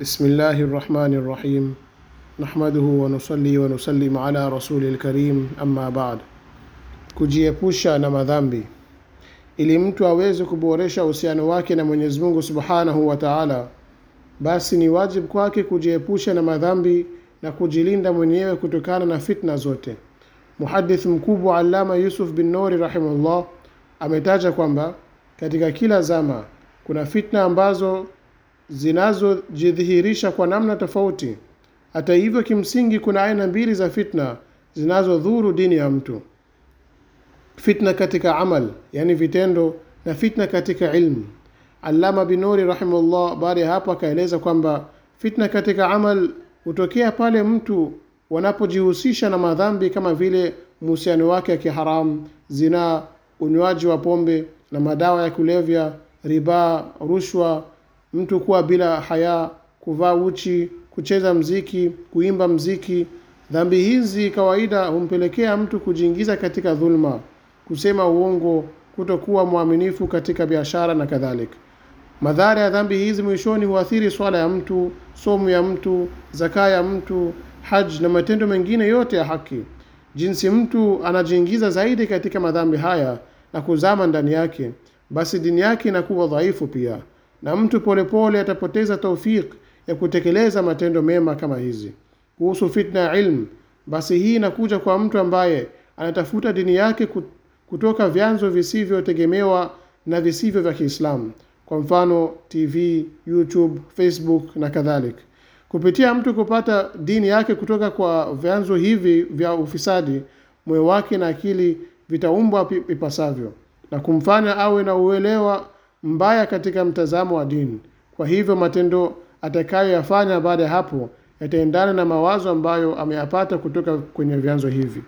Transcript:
بسم الله الرحمن الرحيم نحمده ونصلي ala rasulil karim amma ba'd. Kujiepusha na madhambi. Ili mtu aweze kuboresha uhusiano wake na Mwenyezi Mungu subhanahu wa taala, basi ni wajibu kwake kujiepusha na madhambi na kujilinda mwenyewe kutokana na fitna zote. Muhadith mkubwa Allama Yusuf bin Nuri rahimahullah ametaja kwamba katika kila zama kuna fitna ambazo zinazojidhihirisha kwa namna tofauti. Hata hivyo, kimsingi kuna aina mbili za fitna zinazodhuru dini ya mtu: fitna katika amal, yani vitendo, na fitna katika ilmu. Allama Binuri rahimahullah baada ya hapo akaeleza kwamba fitna katika amal hutokea pale mtu wanapojihusisha na madhambi kama vile muhusiano wake ya kiharamu, zinaa, unywaji wa pombe na madawa ya kulevya, ribaa, rushwa mtu kuwa bila haya, kuvaa uchi, kucheza mziki, kuimba mziki. Dhambi hizi kawaida humpelekea mtu kujiingiza katika dhulma, kusema uongo, kutokuwa mwaminifu katika biashara na kadhalika. Madhara ya dhambi hizi mwishoni huathiri swala ya mtu, somo ya mtu, zaka ya mtu, haj na matendo mengine yote ya haki. Jinsi mtu anajiingiza zaidi katika madhambi haya na kuzama ndani yake, basi dini yake inakuwa dhaifu pia na mtu polepole atapoteza taufik ya kutekeleza matendo mema kama hizi. Kuhusu fitna ya ilmu, basi hii inakuja kwa mtu ambaye anatafuta dini yake kutoka vyanzo visivyotegemewa na visivyo vya Kiislamu, kwa mfano TV, YouTube, Facebook na kadhalik. Kupitia mtu kupata dini yake kutoka kwa vyanzo hivi vya ufisadi, moyo wake na akili vitaumbwa ipasavyo na kumfanya awe na uelewa mbaya katika mtazamo wa dini. Kwa hivyo matendo atakayoyafanya baada ya hapo yataendana na mawazo ambayo ameyapata kutoka kwenye vyanzo hivi.